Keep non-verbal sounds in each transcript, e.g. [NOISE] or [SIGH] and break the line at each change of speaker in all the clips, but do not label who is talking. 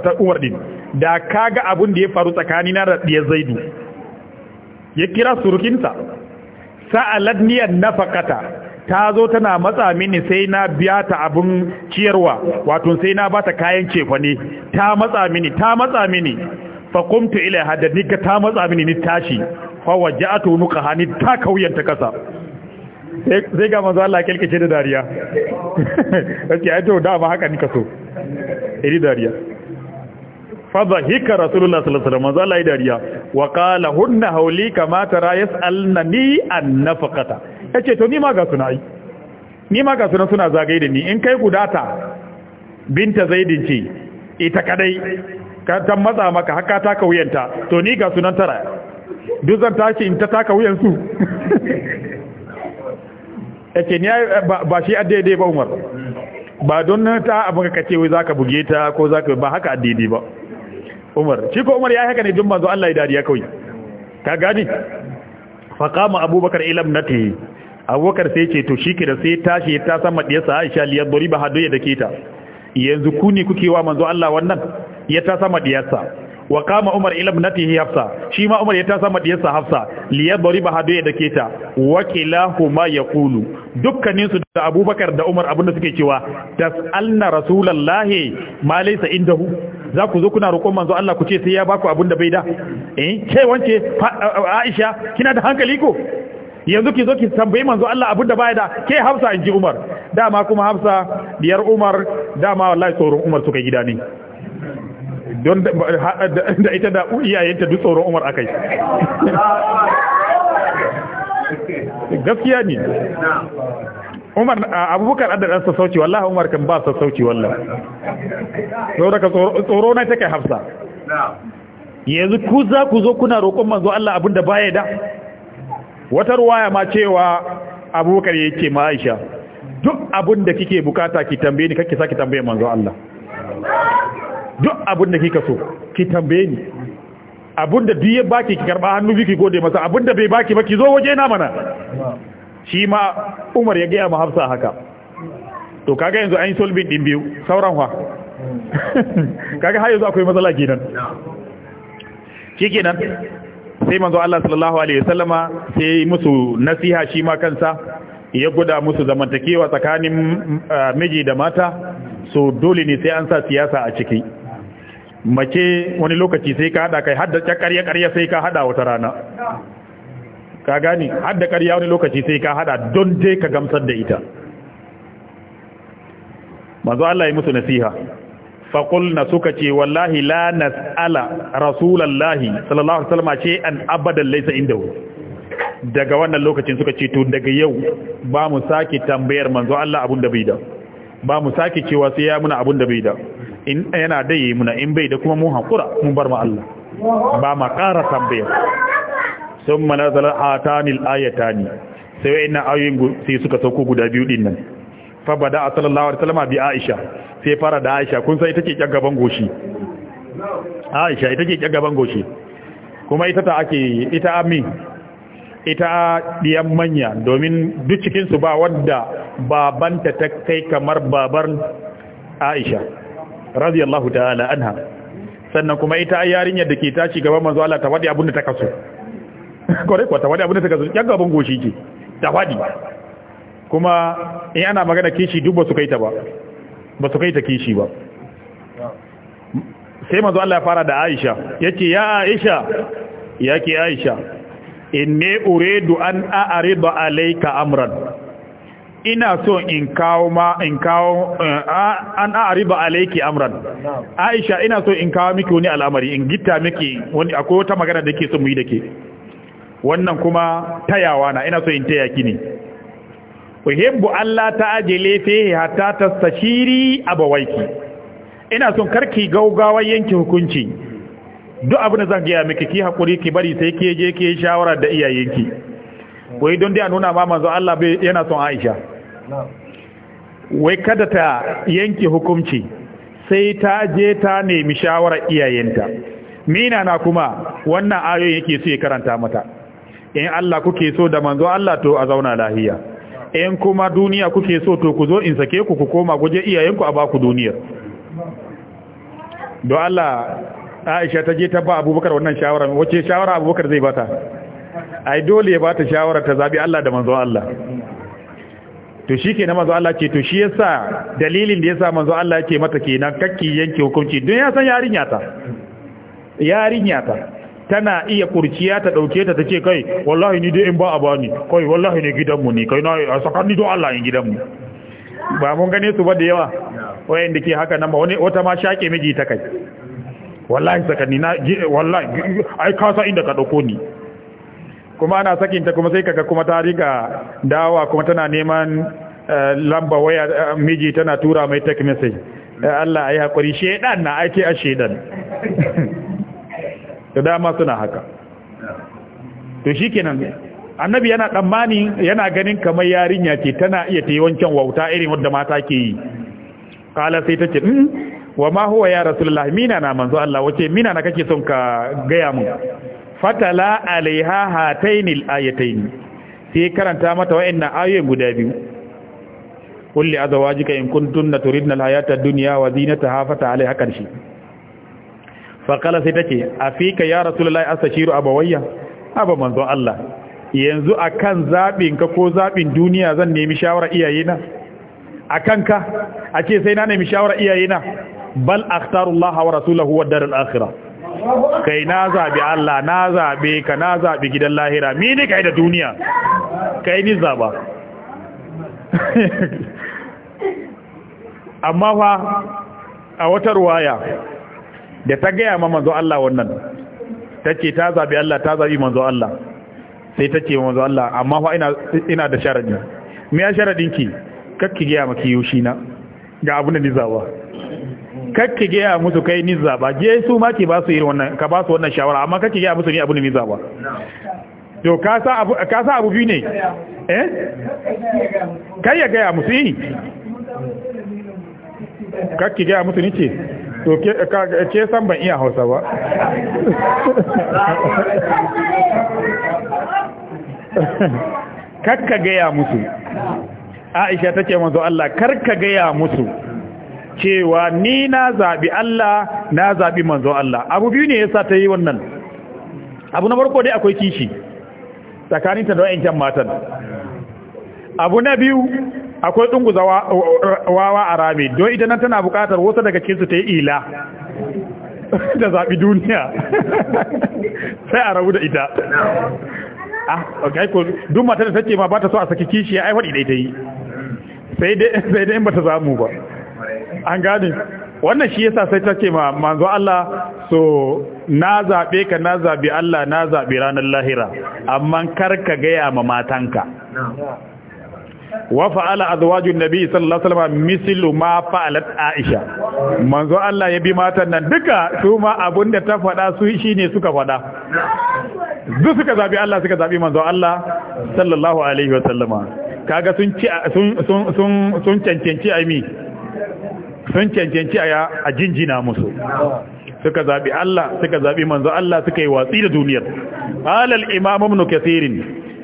ta umar din da kaga abun da ya faru tsakanina da diyar zaidu ya kira surukinsa sa'alad niyan nafaqata ta zo tana matsa mini sai na biya ta abun ciyarwa wato sai na bata kayan cefa ne ta matsa mini ta matsa mini fa qumtu ilaiha da nika ta matsa mini ni tashi fa waja'atu nuqahani ta kauyanta kasa sai ga manzo Allah kilkice da dariya sai [LAUGHS] ai to dama haka nika so iri dariya fadhahika rasulullah sallallahu alaihi wasallam zalla dariya wa qala hunna hauli kama tara yasalnani an nafaqata yace to ni ma ga suna ni ma ga sunan suna zagaye da ni in kai gudata binta zaidin ce ita kadai ka tan matsa maka haka ta ka wuyanta to ni ga sunan tara duk zan tashi in ta ta ka su yace ni ba shi addaidai ba Umar ba don ta abin ka ce wai zaka buge ta ko zaka ba haka addaidai ba umar shi ko umar ya haka ne dun manzo Allah ya dariya kawai ka gani fa qama abubakar ila ibnati abubakar sai ce to shike da sai tashi ta madiya sa Aisha liyar duriba hadoya da kita yanzu ku ne kuke wa manzo Allah wannan ya ta sama diyarsa wa kama umar ila ibnatihi hafsa shi ma umar ya ta sama diyarsa hafsa liya dariba hadiya da keta wa kilahuma yaqulu dukkanin su da abubakar da umar abinda suke cewa tasalna rasulullahi ma laysa indahu za ku zo kuna roƙon manzo Allah ku ce sai ya baku abin da bai da eh ke wance Aisha kina da hankali ko yanzu ki zo ki tambayi manzo Allah abin da baya da ke Hafsa inji Umar dama kuma Hafsa biyar Umar dama wallahi tsoron Umar suka gida ne don da ita da iyayenta duk tsoron Umar akai
[LAUGHS] gaskiya ne
umar abubakar adda dan sassauci wallahi umar kan ba sassauci wallahi saboda tsoro na kai hafsa yanzu ku za ku zo kuna roƙon manzo Allah da baya da wata ruwaya ma cewa abubakar ya ma Aisha duk da kike bukata ki tambaye ni kake saki tambaye manzo Allah duk da kika so ki tambaye ni da duk ya baki ki karba hannu biki gode masa da bai baki ba ki zo waje na mana shi ma umar ya gaya mahafsa haka to kaga yanzu an yi solbin ɗin biyu sauran wa
[LAUGHS]
kaga har yanzu akwai matsala gidan shi kenan sai manzo Allah sallallahu alaihi wasallama sai musu nasiha shi ma kansa ya guda musu zamantakewa tsakanin eh, miji da mata so dole ne sai an sa siyasa a ciki mace wani lokaci sai ka hada kai hadda ta ƙarya ƙarya sai ka hada wata rana ka gani har da ƙarya wani lokaci sai ka hada don je ka gamsar da ita manzo Allah ya musu nasiha fa qulna suka ce wallahi la nas'ala rasulullahi sallallahu alaihi wasallam ce an abadan laysa indahu daga wannan lokacin suka ce to daga yau ba mu sake tambayar manzo Allah abun da bai da ba mu sake cewa sai ya muna abun da bai da in yana da yi muna in bai da kuma mu hakura mun bar ma Allah ba ma ƙara tambayar sun manazala hatanil ayatani sai nan ayoyin sai suka sauko guda biyu din nan da a sallallahu alaihi wasallam bi aisha sai fara da aisha kun sai take kyan gaban goshi aisha ita ke kyan gaban goshi kuma ita ta ake ita ami ita diyan manya domin duk cikin su ba wanda babanta ta kai kamar babar aisha radiyallahu ta'ala anha sannan kuma ita yarinyar da ke tashi gaban manzo Allah ta wadi abin da ta kaso Kore kwata tawadi abin da suka zuci yan gaban goshi ce ta kuma in ana magana kishi duk ba su kai ta ba ba su kai ta kishi ba sai mazu Allah ya fara da Aisha ya ce ya Aisha ya ke Aisha inni uredu an a'arida alayka amran ina so in kawo ma in kawo eh, an a'arida alayki amran Aisha ina so in kawo miki wani al'amari in gitta miki wani akwai wata magana da ke so mu yi da ke wannan kuma tayawa na ina so in taya ki ne uhibbu Allah ta'ajile fihi hatta tastashiri abawaiki ina son karki gaugawa yanke hukunci duk abin da zan gaya miki ki hakuri ki bari sai ki je ki shawara da iyayenki wai don dai a nuna ma manzo Allah bai yana son Aisha wai kada ta yanke hukunci sai ta je ta nemi shawara iyayenta mina na kuma wannan ayoyin yake su ya karanta mata in Allah kuke so da manzo Allah to a zauna lahiya in kuma duniya kuke so to ku zo in sake ku ku koma guje iyayenku a baku duniya don Allah Aisha ta je ta ba Abubakar wannan shawara wace shawara Abubakar zai bata ai dole ya bata shawara ta zabi Allah da manzo Allah to shike na manzo Allah ce to shi yasa dalilin da yasa manzo Allah yake mata kenan kakki yanke hukunci don ya san yarinya ta yarinya ta tana iya kurciya ta dauke ta tace kai wallahi ni dai in ba a bani kai wallahi ne gidanmu ne kai na a sakanni don Allah in gidanmu ba mun gane su ba da yawa wayanda ke haka nan ba wani wata ma shake miji ta kai wallahi sakanni na wallahi ai ka sa inda ka dauko ni kuma ana sakinta kuma sai kaga kuma ta riga dawa kuma tana neman eh, lamba waya eh, miji tana tura mai text message eh, Allah ayi hakuri shedan na ake a shedan [LAUGHS] da dama suna haka to shi kenan annabi yana tsammani yana ganin kamar yarinya ce tana iya ta yi wancan wauta irin wadda mata ke yi kala sai ta ce mm, wa ma huwa ya rasulullah mina na manzo Allah wace mina na kake son ka gaya mun fatala alaiha hatainil ayataini sai karanta mata wa'annan ayoyin guda biyu kulli azwajika in kuntunna turidna alhayata ad-dunya wa zinataha fata alaiha karshi faƙala sai ta ce a fi ka ya rasulullahi asashiru abawayya aba manzon Allah yanzu akan zaɓin ka ko zaɓin duniya zan nemi shawara iyayena akan ka a ce sai na nemi iyaye na? bal akhtarullah wa rasulahu wa daral akhirah kai na zaɓi Allah na zaɓe ka na zaɓi gidan lahira mi kai da duniya kai ni zaɓa
[LAUGHS]
amma fa a wata ruwaya da ta gaya ma manzo Allah wannan ta ce ta zabi Allah ta zabi manzo Allah sai ta ce manzo Allah amma fa ina ina da sharaɗi, me ya sharadin ki kakki gaya maki yushi na ga abun da nizawa kakki gaya musu kai nizaba, je su ma ke ba su irin wannan ka ba su wannan shawara amma kakki gaya musu ni abun nizaba, nizza to ka sa abu ka sa abu biyu ne eh kai ya gaya musu yi eh. kakki gaya musu ni ce to ke san ban iya hausa ba karka gaya musu aisha ta ce manzo Allah karka gaya musu cewa ni na zaɓi Allah na zaɓi manzo Allah abu biyu ne yasa ta yi wannan abu na farko dai akwai kishi tsakaninta da wa'ancan matan abu na biyu akwai dunguza wawa a rami don ita nan tana bukatar wasu daga cikinsu ta yi ila [LAUGHS] da zaɓi duniya [LAUGHS] sai a rabu da ita ah okay ko duk mata da take ma ba ta so a saki kishi ai wadi dai ta yi sai dai sai dai in bata ba an gane wannan shi yasa sai take ma manzo Allah so na zabe ka na zabi Allah na zabi ranar lahira amma kar ka ga ya ma matanka wa fa'ala azwajun nabi sallallahu alaihi wasallam mislu ma fa'alat aisha manzo Allah ya bi matan nan duka kuma ma abinda ta faɗa su shine suka faɗa duk suka zabi Allah suka zabi manzo Allah sallallahu alaihi wasallama kaga sun ci sun sun sun cancanci aimi sun cancanci a jinjina musu suka zabi Allah suka zabi manzo Allah suka yi watsi da duniyar qala al imam ibn kathir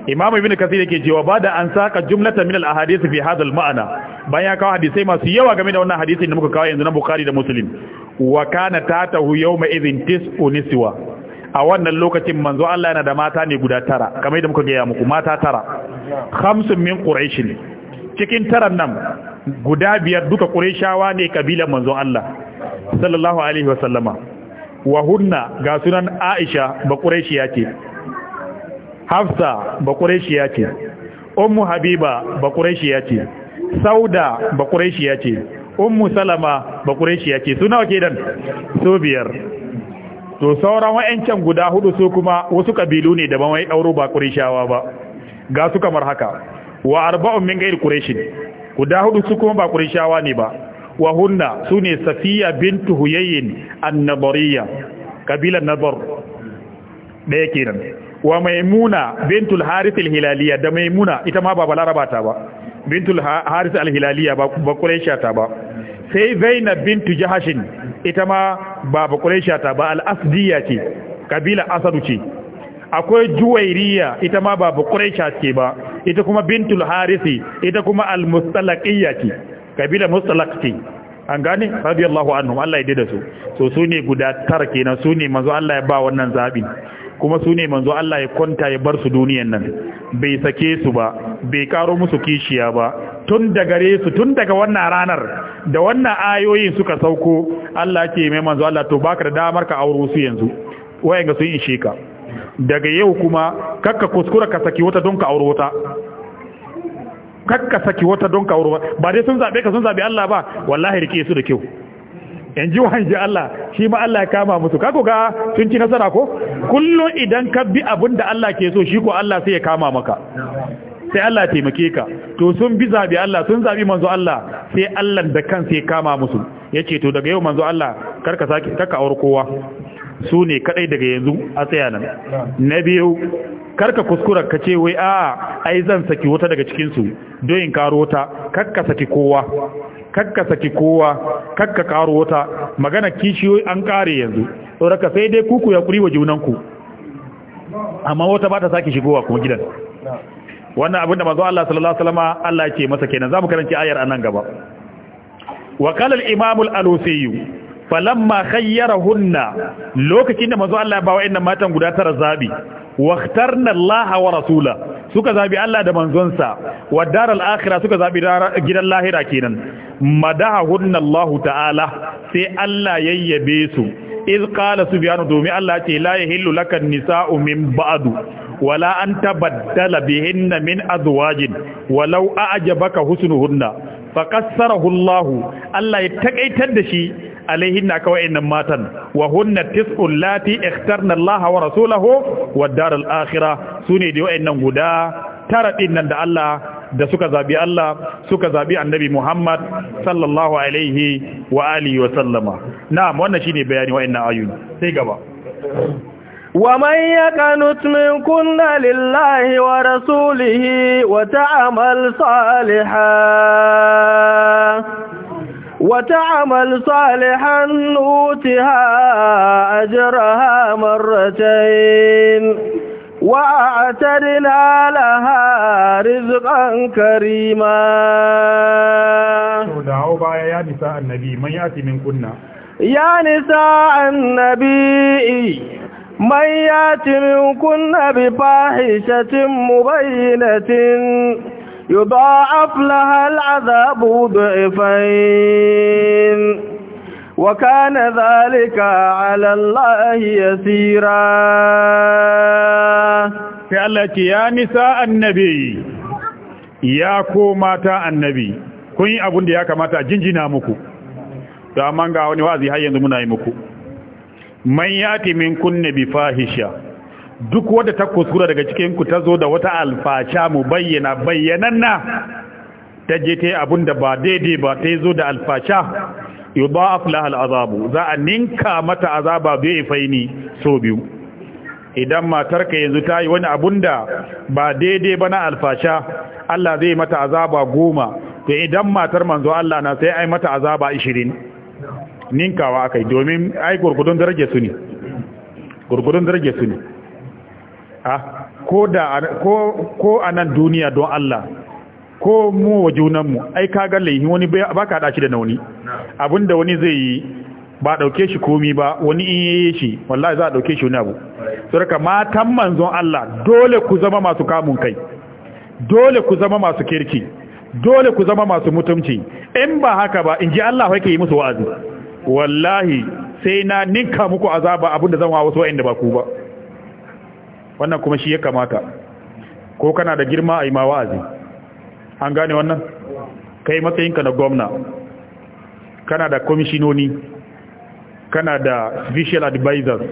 imam ibn kasir yake cewa ba da an saka jumlatan min al-ahadith fi hadha al-ma'na bayan kawo hadisai masu yawa game da wannan hadisin da muka kawo yanzu na bukhari da muslim wa kana tatahu yawma idhin tis'u niswa a wannan lokacin manzo Allah yana da mata ne guda tara kamar yadda muka ga ya muku mata tara khamsun min quraish cikin taran nan guda biyar duka qurayshawa ne kabilan manzo Allah sallallahu alaihi wa sallama wa hunna ga sunan Aisha ba qurayshiya ce hafsa bakureshiya ce ummu habiba bakureshiya ce sauda bakureshiya ce ummu salama bakureshiya ce su nawa kenan su biyar to sauran wayancan guda hudu su kuma wasu kabilu ne daban wai dauro ba ba ga su kamar haka wa arba'un min ghair quraish guda hudu su kuma ba kureshawa ne ba wa hunna sune safiya bintu huyayyin an-nabariyya kabilan nabar ɗaya kenan wa maimuna bintul harith al da maimuna ita ma ba balaraba ta ba bintul harith al-hilaliya ba ba quraisha ta ba sai zainab bintu jahashin ita ma ba ba quraisha ta ba al-asdiya ce kabila asadu ce akwai juwairiya ita ma ba ba quraisha ce ba ita kuma bintul harith ita kuma al mustalaqiya ce kabila mustalaq ce an gane radiyallahu anhum Allah ya dade su so su guda tara kenan sune manzo Allah ya ba wannan zabi kuma su ne manzo Allah ya kwanta ya bar su duniyan nan bai sake su ba bai karo musu kishiya ba tun da gare su tun daga wannan ranar da wannan ayoyin suka sauko Allah ke mai manzo Allah to baka da damar ka auro su yanzu ga sun ishe ka daga yau kuma kakka kuskura ka saki wata don ka auro wata kakka saki wata don ka auro ba dai sun zabe ka sun zabe Allah ba wallahi rike su da kyau in ji wanji Allah shi ma Allah ya kama musu kako ga sun ci nasara ko kullum idan ka bi abin da Allah ke so shi ko Allah sai ya kama maka sai Allah ya taimake ka to sun bi zabi Allah sun zabi manzo Allah sai Allah da kansa ya kama musu yace to daga yau manzo Allah karka sake karka aure kowa su ne kadai daga yanzu a tsaya nan na biyu karka kuskura ka ce wai a ai zan saki wata daga cikin su don in karo ta karka saki kowa kakka saki kowa kakka karo wata magana kishiyoyi an kare yanzu tsoraka sai dai kuku ya kuri wa junanku amma wata ba ta sake shigowa kuma gidan wannan abinda mazo Allah sallallahu alaihi wasallam Allah yake masa kenan zamu karanci ayar anan gaba wa qala al-imam al-alusi falamma khayyarahunna lokacin da mazo Allah ya ba wa'annan matan guda tara zabi واخترنا الله ورسوله suka zabi Allah da manzonsa wa daral akhirah suka zabi gidan lahira kenan madahahunna Allah ta'ala sai Allah yayyabe su iz qala subhanahu domin Allah ce la yahillu lakan nisa'u min ba'adu, wala an tabaddala bihinna min azwajin walau a'jabaka husnuhunna faqassarahu Allah Allah ya takaitar da shi na ka wa'annan matan wa hunna tis'ul lati ikhtarna Allah wa rasulahu wad daral akhirah sune da wa'annan guda tara din nan da Allah da suka zabi Allah suka zabi Annabi Muhammad sallallahu alaihi wa alihi wa sallama na'am wannan shine bayani wa'annan ayoyi sai gaba
ومن يقنت منكن لله ورسوله وتعمل صالحا وتعمل صالحا نؤتها أجرها مرتين وأعتدنا لها رزقا كريما يا نساء النبي من يأتي من كنا يا نساء النبي من يأتي من كنا بفاحشة مبينة يضاعف لها العذاب ضعفين وكان ذلك على الله يسيرا فعلت
يا نساء النبي يا كوماتا النبي kun abun da ya kamata jinjina muku to amma ga wani wazi har yanzu muna yi muku man min kunna bi fahisha duk wadda ta kusura daga cikinku ta zo da wata alfasha mu bayyana bayyananna ta je ta yi abin da ba daidai ba ta zo da alfasha yi ba a al'azabu, za a ninka mata azaba biyu fai faini so biyu idan matarka yanzu ta yi wani abun da ba daidai ba na alfasha Allah zai mata azaba goma to idan matar manzo Allah na sai ai mata azaba ishirin ninkawa akai domin ai gurgudun darajar gurgudun darajar su ne ko a nan duniya don Allah ko mu wa junanmu ai kaga laihi wani ba ka shi da nauni abinda wani zai yi ba ɗauke shi komi ba wani in yi shi wallahi za a ɗauke shi wani abu surka matan manzon Allah dole ku zama masu kamun kai dole ku zama masu kirki dole ku zama masu mutumci in ba haka ba in ji Allah yake yi musu wa'azi wallahi sai na ninka muku azaba abinda zan wa wasu wa'anda ba ku ba wannan kuma shi ya kamata ko kana da girma a yi ma wa'azi an gane wannan matsayin matsayinka na gwamna kana da komishinoni kana da special advisors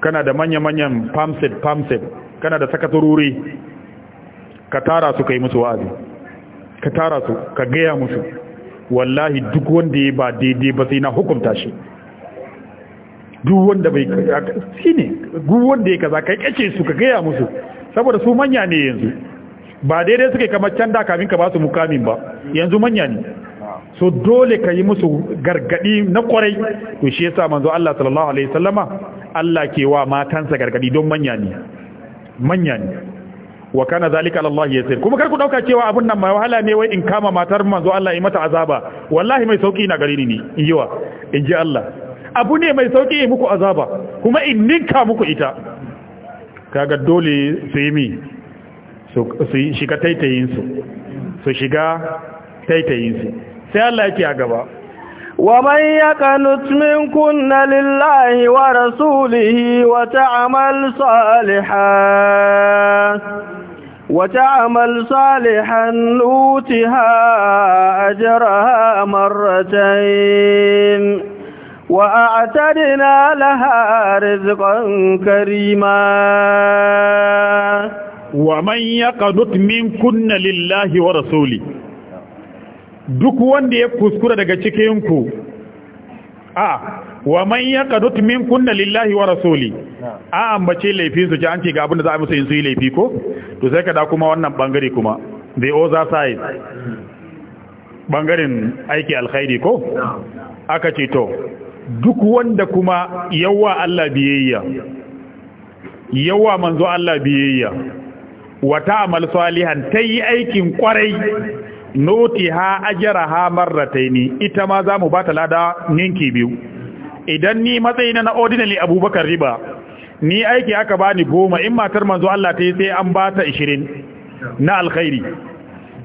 kana da manya-manyan pamset pamset kana da sakatururi ka tara su ka yi musu wa'azi ka tara su ka gaya musu wallahi duk wanda ya ba daidai ba sai na hukunta shi duk wanda bai shi duk wanda ya kaza kai kace su ka gaya musu saboda su manya ne yanzu ba daidai suke kamar can da kamin ka ba su mukamin ba yanzu manya ne so dole ka yi musu gargadi na kwarai to shi yasa manzo Allah sallallahu alaihi wasallama Allah ke wa matansa gargadi don manya ne manya ne wa kana zalika lillahi yasir kuma kar ku dauka cewa abun nan mai wahala ne wai in kama matar manzo Allah yi mata azaba wallahi mai sauki na gari ni in yiwa in ji Allah abu ne mai sauƙi yi muku azaba kuma in ninka muku ita kaga dole su yi mi su shiga taitayinsu su shiga taitayinsu sai Allah yake a gaba
wa man min kunna lillahi wa rasulihi wa ta'amal salihan wa ta'amal salihan utiha ajraha marratayn وأعتدنا لها رزقا كريما
ومن يقنط منكن لله ورسوله duk wanda ya kuskura daga cikinku a wa man min kunna lillahi wa rasuli a ambace laifin su ji an ce ga abin da za a musu yin su yi laifi ko to sai ka da kuma wannan bangare kuma the other side bangaren aiki alkhairi ko aka ce to duk wanda kuma yawa Allah biyayya yawa manzo Allah biyayya wa amal salihan tayi aikin kwarai Noti ajara ha marrataini ita ma za zamu bata lada ninki biyu idan ni matsayina na ordinary abubakar riba ni aiki aka bani goma in matar manzo Allah ta tayi sai an bata 20 na alkhairi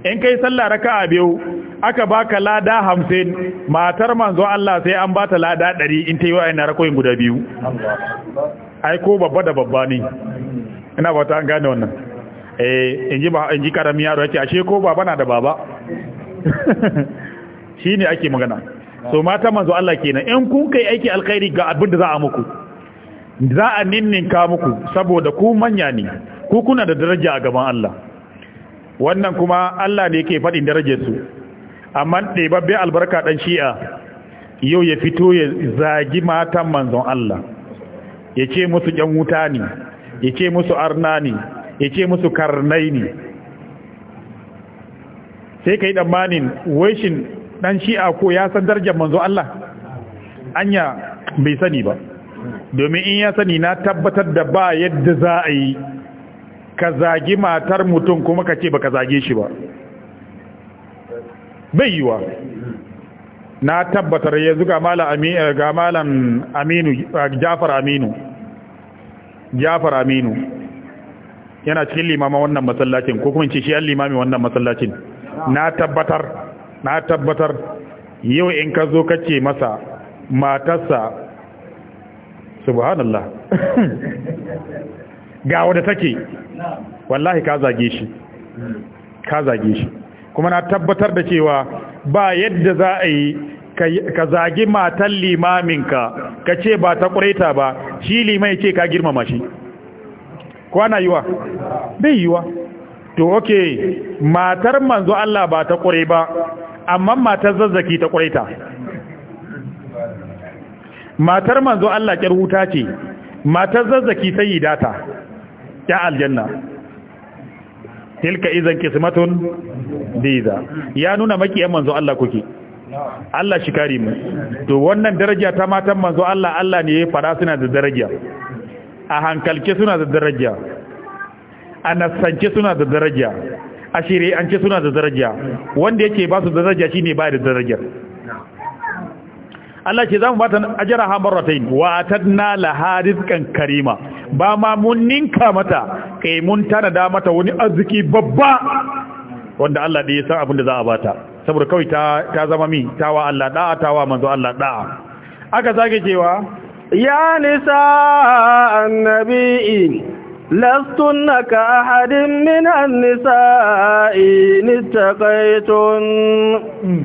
in kai sallah raka'a biyu aka baka lada hamsin matar manzo Allah sai an bata lada ɗari in ta yi wa na rakoyin guda biyu ai ko babba da babba ne ina ba ta an gane wannan eh in ji karami yaro yake ashe ko baba na da baba [LAUGHS] shi ne ake magana so mata manzo Allah kenan in kun kai aiki alkhairi ga abin da za a muku za a ninninka muku saboda ku manya ne ku kuna da daraja a gaban Allah wannan kuma Allah ne yake faɗin darajar su amma ɗebabbe albarka ɗan shi'a yau ya fito ya zagi matan manzon Allah ya ce musu ‘yan wuta ne ya ce musu arna ne ya ce musu karnai ne sai ka yi ɗanmanin waishin ɗan shi'a ko ya san darjan manzon Allah anya bai sani ba domin in ya sani na tabbatar da ba yadda za a yi ka zagi matar mutum kuma ka ce ba ka zage shi ba bai yiwa na tabbatar yanzu ga malam eh, aminu eh, jafar aminu jafar aminu yana cikin limama wannan masallacin ko kuma ce shi yan limami wannan masallacin na tabbatar na tabbatar yau in ka zo kace masa matarsa subhanallah
[LAUGHS]
ga wadda take wallahi ka zage shi ka zage shi kuma na tabbatar da cewa ba yadda za a yi ka zagi matan limaminka ka ce ba ta ƙureta ba shi limai ce ka girmama shi kwana yiwa bai yiwa to oke matar manzo Allah ba ta ƙure ba amma matar zazzaki ta ƙureta matar manzo Allah ƙyar wuta ce matar zazzaki sai yi data ya aljanna tilka izan kismatun diza ya nuna makiyan manzo Allah kuke Allah shi kare mu to wannan daraja ta matan manzo Allah Allah ne ya fara suna da daraja a hankalke suna da daraja a nasance suna da daraja a ce suna da daraja wanda yake ba su da daraja shine ba da darajar Allah ce za mu bata ajara ha marratain wa atadna laha rizqan karima ba ma mun ninka mata kai mun tanada mata wani arziki babba wanda Allah da ya san abin da za a bata saboda kawai ta ta zama mi tawa Allah da'a tawa manzo Allah da'a
aka sake cewa ya nisa annabi lastunaka ahadin min an-nisa'i nittaqaytun hmm.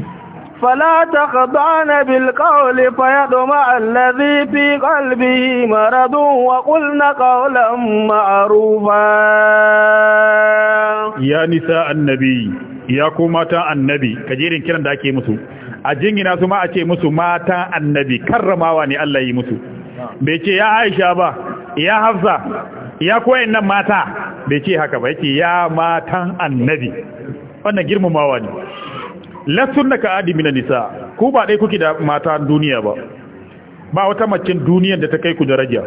فلا تخضعن بالقول فيطمع الذي في قلبه مرض وقلن قولا معروفا
يا نساء النبي يا كوماتا النبي كجيرين كلام دا ake musu a jingina su ma a ce musu matan annabi karramawa ne Allah yi musu bai ce ya Aisha ba ya Hafsa ya koyin nan mata bai ce haka ba yake ya matan annabi wannan girmamawa ne da ka adi mina nisa ku ba dai kuke da mata duniya ba ba wata mace duniyar da ta kai ku daraja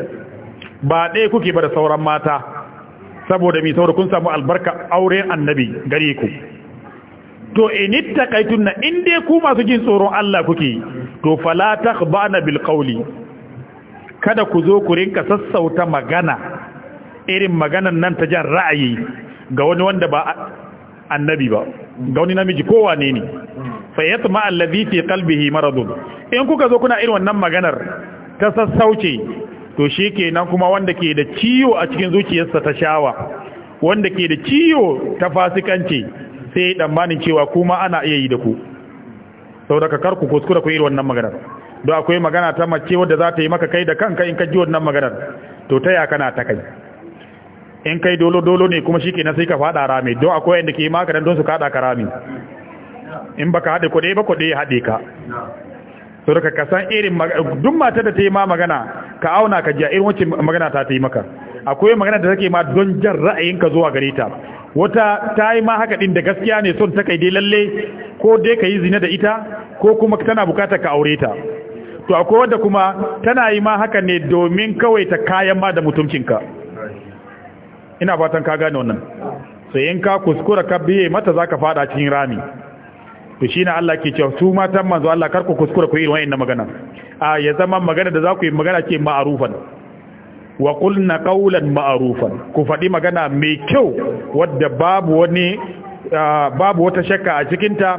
ba dai kuke ba da sauran mata saboda mi saboda kun samu albarka auren annabi gare ku to in taqaitunna in dai ku masu jin tsoron Allah kuke to fala takhbana bil qawli kada ku zo ku rinka sassauta magana irin maganan nan ta jan ra'ayi ga wani wanda ba annabi ba ga wani namiji ko wane ne fa yatma allazi fi qalbihi maradun in kuka zo kuna irin wannan maganar ta sassauce to shikenan kuma wanda ke da ciwo a cikin zuciyarsa ta shawa wanda ke da ciwo ta fasikanci sai damanin cewa kuma ana iya yi da ku saboda kar ku kuskura ku irin wannan maganar don akwai magana ta mace wadda za ta yi maka kai da kanka in ka ji wannan maganar to ta ya kana ta kai in kai dolo dolo ne kuma shi ke na sai ka fada rami don akwai yadda ke maka don su kada ka rami in baka haɗe kuɗe ba kuɗe ya haɗe ka to da ka san irin duk mata da ta yi ma magana ka auna ka ji a irin wacce magana ta ta yi maka akwai magana da take ma don jan ra'ayinka zuwa gare ta wata ta yi ma haka din da gaskiya ne son ta kai dai lalle ko dai ka yi zina da ita ko kuma tana bukatar ka aure ta to akwai wanda kuma tana yi ma haka ne domin kawai ta kayan ma da mutuncinka ina fatan ka gane wannan sai in ka kuskura ka biye mata zaka fada cikin rami to shine Allah ke cewa su matan manzo Allah kar ku kuskura ku yi wayannan magana a ya zama magana da za ku yi magana ce ma'arufan wa qulna qawlan marufan ku faɗi magana mai kyau wadda babu wani babu wata shakka a cikinta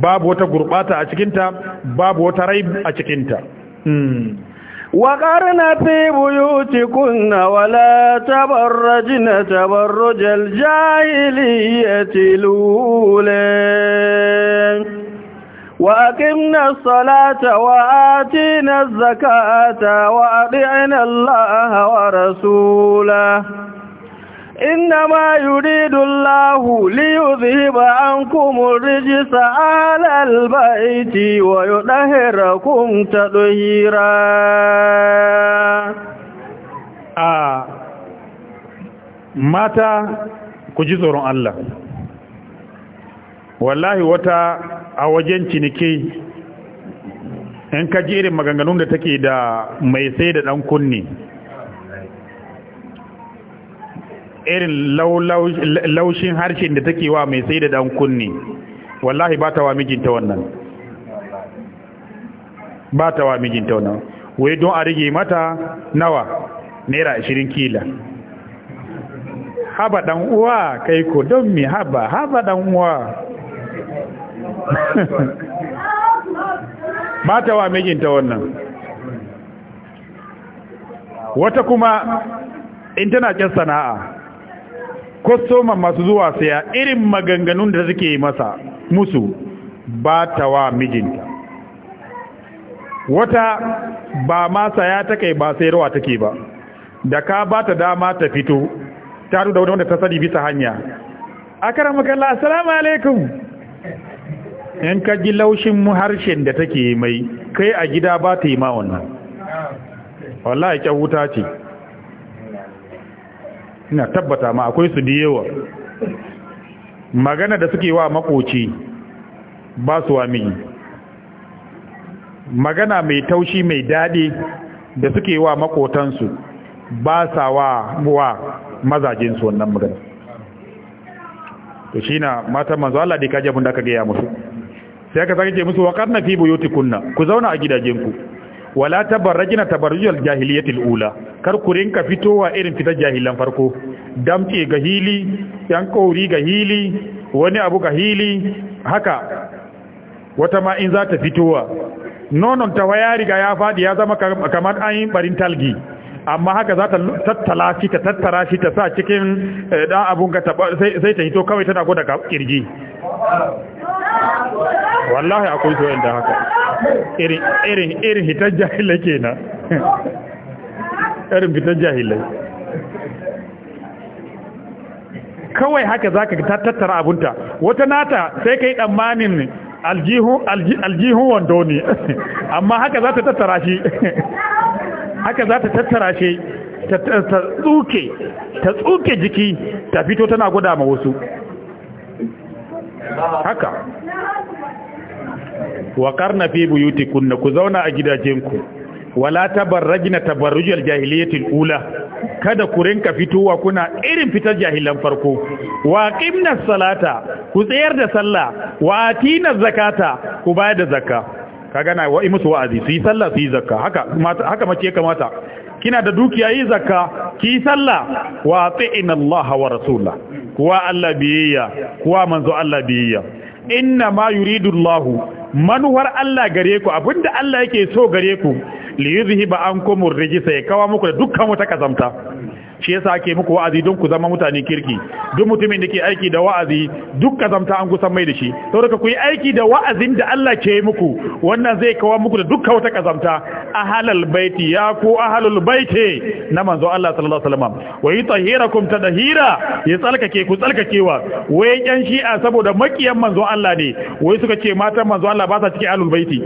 babu wata gurbata a cikinta babu wata raib a cikinta
mm. وقرن في بيوتكن ولا تبرجن تبرج الجاهلية الأولى وأقمنا الصلاة وآتينا الزكاة وأطعنا الله ورسوله إنما يريد الله ليذهب عنكم الرجس أهل البيت ويطهركم تطهيرا آه. mata
ku ji tsoron Allah wallahi wata a wajen ciniki in ka ji irin maganganun da take da mai sai da ɗan kunni irin laushin harshen da take wa mai sai da dan kunni wallahi ba ta wa mijinta wannan ba ta wa mijinta wannan wai don a rige mata nawa naira ashirin kila haba dan uwa kai ko don mi haba haba dan uwa
[LAUGHS] ba ta wa mijinta wannan wata kuma in tana kyan sana'a
kwastoma masu zuwa saya irin maganganun da suke masa musu ba ta wa mijinta wata ba ma saya ta kai ba rawa take ba da ka ba ta dama ta fito ta da wanda ta sani bisa hanya akara makalla assalamu alaikum in ka ji laushin mu harshen da take mai kai a gida ba ta yi ma wannan wallahi wuta ce ina tabbata ma akwai su da yawa magana da suke wa makoci ba su wa miji magana mai taushi mai daɗi da suke wa makotansu ba sa wa wa mazajinsu wannan magana to shi na matan manzo Allah da kaje abin da aka gaya musu sai ka sake ce musu waƙar na fi buyutikunna ku zauna a gidajen ku. wala tabarrajina tabarrujal jahiliyatil ula kar ku rinka fitowa irin fita jahilan farko damce ga hili yan kauri ga hili wani abu ga hili haka wata ma in za ta fitowa nonon ta waya riga ya fadi ya zama kamar an yi barin talgi amma haka za ta tattala shi ta tattara shi ta sa cikin dan eh, abun ka sai ta hito kawai tana gwada kirji wallahi akwai su yadda haka irin hitar jahilai ke na irin fitar jahilai kawai haka za ka tattara abunta wata nata sai ka yi tsammanin aljihun wando ne amma haka za ta tattara shi haka za ta tattara shi ta tsuke ta tsuke jiki ta fito tana guda ma wasu haka wa karna fi buyutikunna ku zauna a gidajenku wala tabarrajna tabarrujal jahiliyatil ula kada ku rinka fitowa kuna irin fitar jahilan farko wa qimna salata ku tsayar da sallah wa atina zakata ku bayar da zakka kaga na wa'i musu wa'azi su yi sallah su yi zakka haka haka mace kamata kina da dukiya yi zakka ki sallah wa ta'ina Allah wa rasula kuwa Allah biyayya kuwa manzo Allah biyayya inna ma yuridu Allah manuwar Allah gare ku abinda Allah yake so gare ku li yuzhiba ankum rijsa ya kawo muku da dukkan wata kazamta shi yasa ake muku wa'azi don ku zama mutane kirki duk mutumin da ke aiki da wa'azi duk kazamta an kusan mai da shi saboda ku yi aiki da wa'azin da Allah ke yi muku wannan zai kawo muku da dukkan wata kazamta ahalal baiti ya ku ahalul baiti na manzo Allah sallallahu alaihi wasallam wa yutahhirakum tadhira ya tsalkake ku tsalkakewa wai yan shi'a saboda makiyan manzo Allah ne wai suka ce matan manzo Allah ba sa cikin ahlul baiti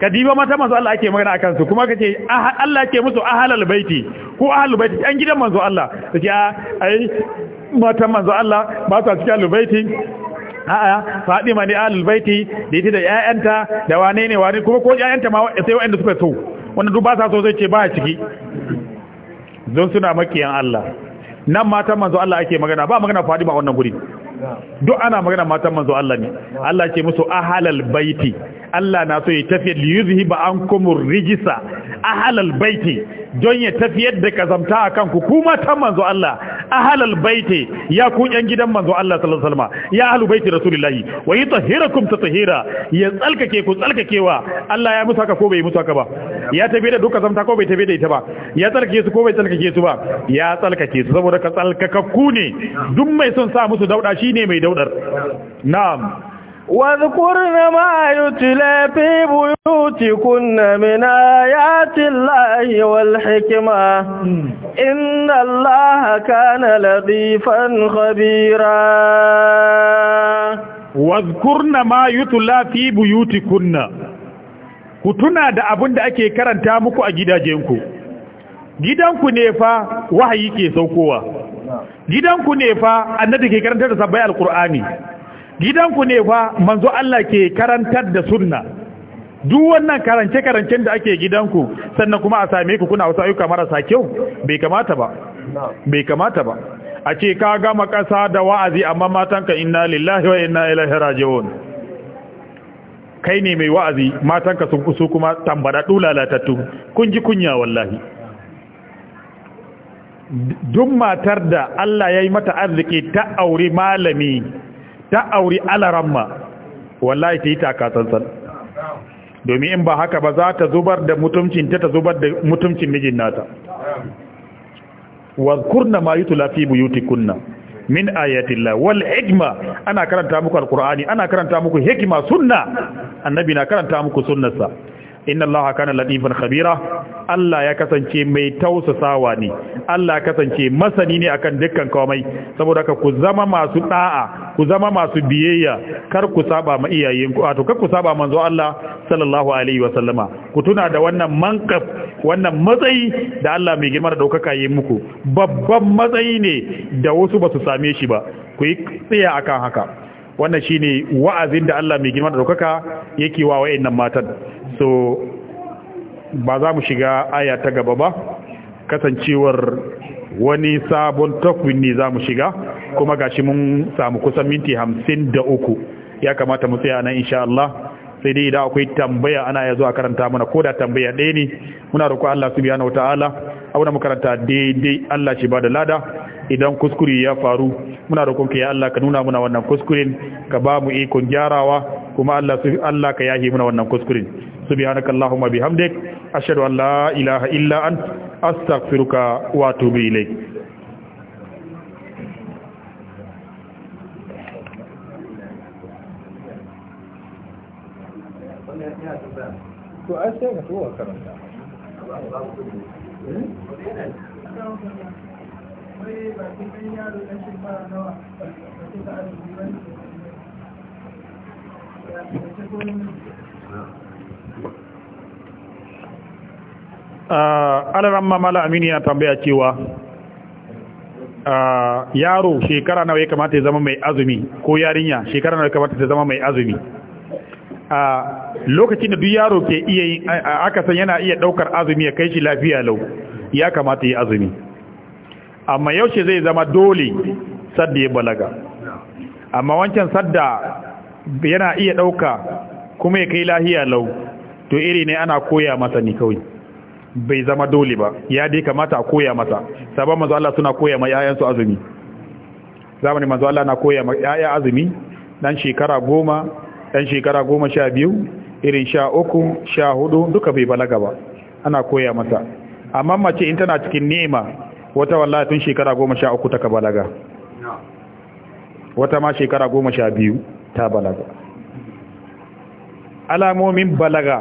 ka diba mata manzo Allah ake magana akan su kuma kace ah, Allah ke musu ahlal baiti ko ahalul baiti an gidan manzo Allah kace ah, ai matan manzo Allah ba su cikin a a'a Fadima ne ahalul baiti da ita da ƴaƴanta da wane ne wane kuma ko ƴaƴanta ma sai wanda suka so wanda duk ba sa so zai ce ba ciki don suna makiyan Allah nan matan manzo Allah ake magana ba magana Fadima wannan guri duk ana magana matan manzo Allah ne Allah ce musu ahalal baiti Allah na so ya tafiyar li yuzhiba ankum rijisa ahalal baiti don ya tafiyar da kazamta akan ku kuma ta manzo Allah ahalal baiti ya ku yan gidan manzo Allah sallallahu alaihi wasallam ya ahlul baiti rasulullahi wa yutahhirakum tatheera ya tsalkake ku tsalkakewa Allah ya musu haka ko bai musu haka ba ya tafi da duka zamta ko bai tafi da ita ba ya tsarkake su ko bai su ba ya su saboda ka tsarkakakku ne duk mai son sa musu dauda shine mai daudar na'am واذكرن
ما يتلى في بيوتكن من آيات الله والحكمة إن الله كان لطيفا خبيرا واذكرن ما
يتلى في بيوتكن ku tuna da abin da ake karanta muku a gidajenku gidanku ne fa wahayi ke saukowa gidanku ne fa annabi ke karantar da sabbai alkur'ani gidanku ne fa manzo Allah ke karantar da sunna duk wannan karance karancen da ake gidanku sannan kuma a same ku kuna wasu ayyuka marasa kyau bai kamata ba bai kamata ba a ce ka gama kasa da wa'azi amma matanka inna lillahi wa inna ilaihi raji'un kai ne mai wa'azi matanka sun kusu kuma tambadadu lalatattu kun ji kunya wallahi duk matar da Allah ya yi mata arziki ta auri malami ta auri alaramma wallahi ta yi takatsantsan domin in ba haka ba za ta zubar da mutumcin ta ta zubar da mutumcin mijin nata wa kurna ma yutula fi buyutikunna min ayatillah wal hikma ana karanta muku alqur'ani ana karanta muku hikma sunna annabi na karanta muku sunnarsa inna allaha kana latifan khabira Allah ya kasance mai tausasawa ne Allah ya kasance masani ne akan dukkan komai saboda ka ku zama masu da'a ku zama masu biyayya kar ku saba ma iyayenku to kar ku saba manzo Allah sallallahu alaihi wa sallama ku tuna da wannan manqab wannan matsayi da Allah mai girma da daukaka yayin muku babban matsayi ne da wasu ba su same shi ba ku yi tsaya akan haka wannan shi ne wa'azin da Allah mai girma da daukaka yake wa wayannan matan so ba za mu shiga aya ta gaba ba kasancewar wani sabon takwin ne za mu shiga kuma ga shi mun samu kusan minti hamsin da uku ya kamata mu tsaya nan insha Allah sai dai idan akwai tambaya ana ya zuwa karanta mana ko da tambaya ɗaya ne muna roƙo Allah subhanahu wataala auna makaranta daidai Allah shi ba da lada idan kuskure ya faru muna roƙon ka ya Allah ka nuna muna wannan kuskuren ka ba mu ikon gyarawa kuma Allah su Allah ka yahi muna wannan kuskuren subhanaka allahumma bihamdik ashhadu an la ilaha illa ant astaghfiruka wa atubu ilaik to ai Ah, alaran mamala amini ya tambaya cewa ah, yaro shekara nawa ya kamata ya zama mai azumi ko yarinya shekara nawa ya kamata ta zama mai azumi ah, lokacin da duk yaro ke iya aka san yana iya daukar azumi ya kai shi lafiya lau ya kamata ya azumi amma yaushe zai zama dole sadda ya balaga amma wancan sadda yana iya ɗauka kuma ya kai lahiya lau to iri ne ana koya masa ni kawai bai zama dole ba ya dai kamata a koya masa sabon manzo Allah suna koya ma yayansu azumi zamanin manzo Allah na koya ma yaya azumi dan shekara goma dan shekara goma sha biyu irin sha uku sha hudu duka bai balaga ba ana koya masa amma mace in tana cikin nema wata wallahi tun shekara goma sha uku taka balaga wata ma shekara goma sha biyu ta balaga alamomin balaga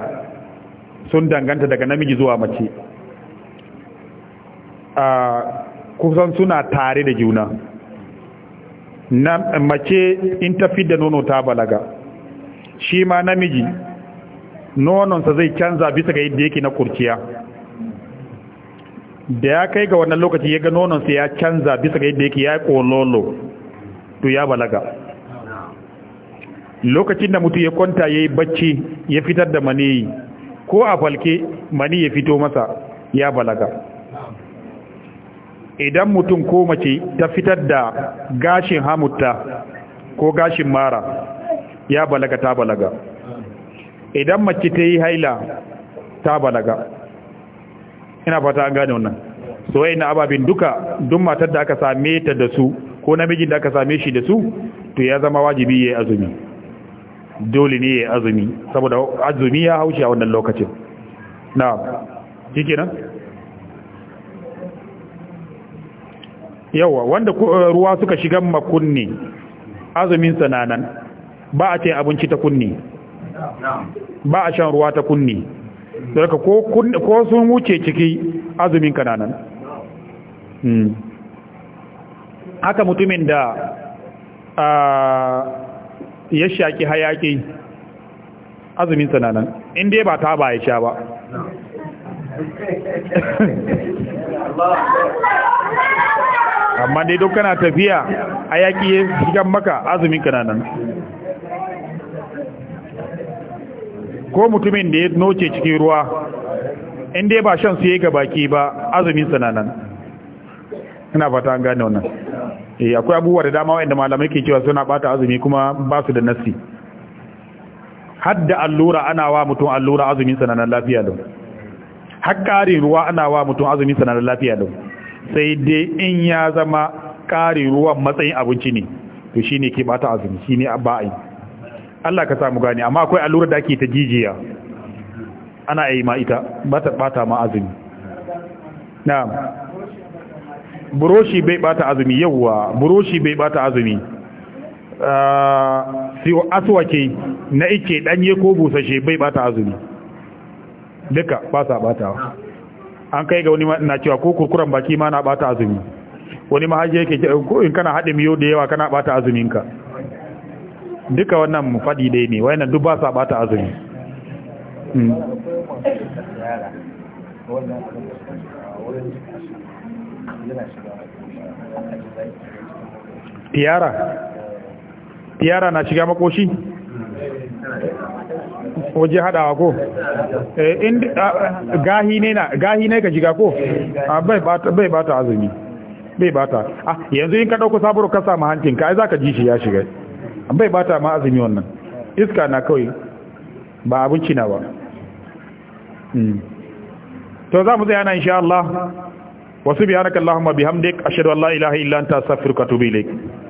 sun danganta daga namiji zuwa mace a kusan suna tare da juna mace in ta da nono ta balaga shi ma namiji nononsa zai canza bisa ga yadda yake na kurciya da ya kai ga wannan lokaci ya ga nononsa ya canza bisa ga yadda yake ya kololo to ya balaga lokacin da mutu ya kwanta ya yi bacci ya fitar da maniyi ko a falke mani ya fito masa ya balaga idan mutum ko mace ta fitar da gashin hamutta ko gashin mara ya balaga ta balaga idan mace ta yi haila ta balaga ina fata an gane wannan so wayannan ababin duka duk matar da aka same ta da su ko namijin da aka same shi da su to ya zama wajibi yayi azumi dole ne yayi azumi saboda azumi ya haushi a wannan lokacin na'am shikenan yawa wanda eh, ruwa suka shiga makunni azumin sananan ba a cin abinci ta kunni ba a shan ruwa ta kunni daga ko sun wuce ciki azumin kananan hmm. haka mutumin da ya shaki hayaki azumin sananan inda ba ta ba ya sha ba
[LAUGHS] amma dai dukkan
tafiya hayaki ya shigan maka azumin kananan ko mutumin da ya noce cikin ruwa in ya ba shan su yi ga baki ba azumin sananan ina fata an gane wannan eh akwai abubuwa da dama wanda malamai ke cewa suna bata azumi kuma ba su da nasi hadda allura ana wa mutum allura azumin sananan lafiya lau har ƙarin ruwa ana wa mutum azumin sananan lafiya lau sai dai in ya zama ƙarin ruwan matsayin abinci ne to shine ke bata azumi shine ba a yi Allah ka samu gani amma akwai allurar da ake ta jijiya ana yi ma ita bata bata ma azumi na'am buroshi bai bata azumi yawa buroshi bai bata azumi ah, siyo aswake na ice danye ko busashe bai bata azumi duka ba sa batawa an kai ga wani na cewa ko kurkuran baki ma na bata azumi wani ma haje yake ko in kana haɗe miyo da yawa kana bata azuminka duka wannan mu faɗi dai ne wayannan duk ba sa bata azumi hmm. tiyara tiyara na shiga makoshi waje hadawa ko eh, gahi ne na gahi ne ka shiga ko ah, bai bata azumi bai bata ah yanzu in ka dauko saburu ka sa ma hancin ka ai zaka ji shi ya shiga bai bata ma azumi wannan iska na kawai ba abinci na ba hmm. to za mu tsaya insha Allah wasu bihanaka Allahumma bihamdik ashhadu an la ilaha illa anta astaghfiruka wa atubu ilaik